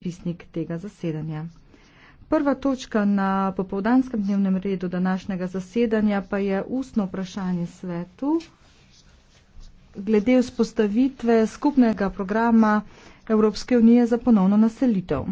zapisnik tega zasedanja. Prva točka na popovdanskem dnevnem redu današnjega zasedanja pa je ustno vprašanje svetu glede vzpostavitve skupnega programa Evropske unije za ponovno naselitev.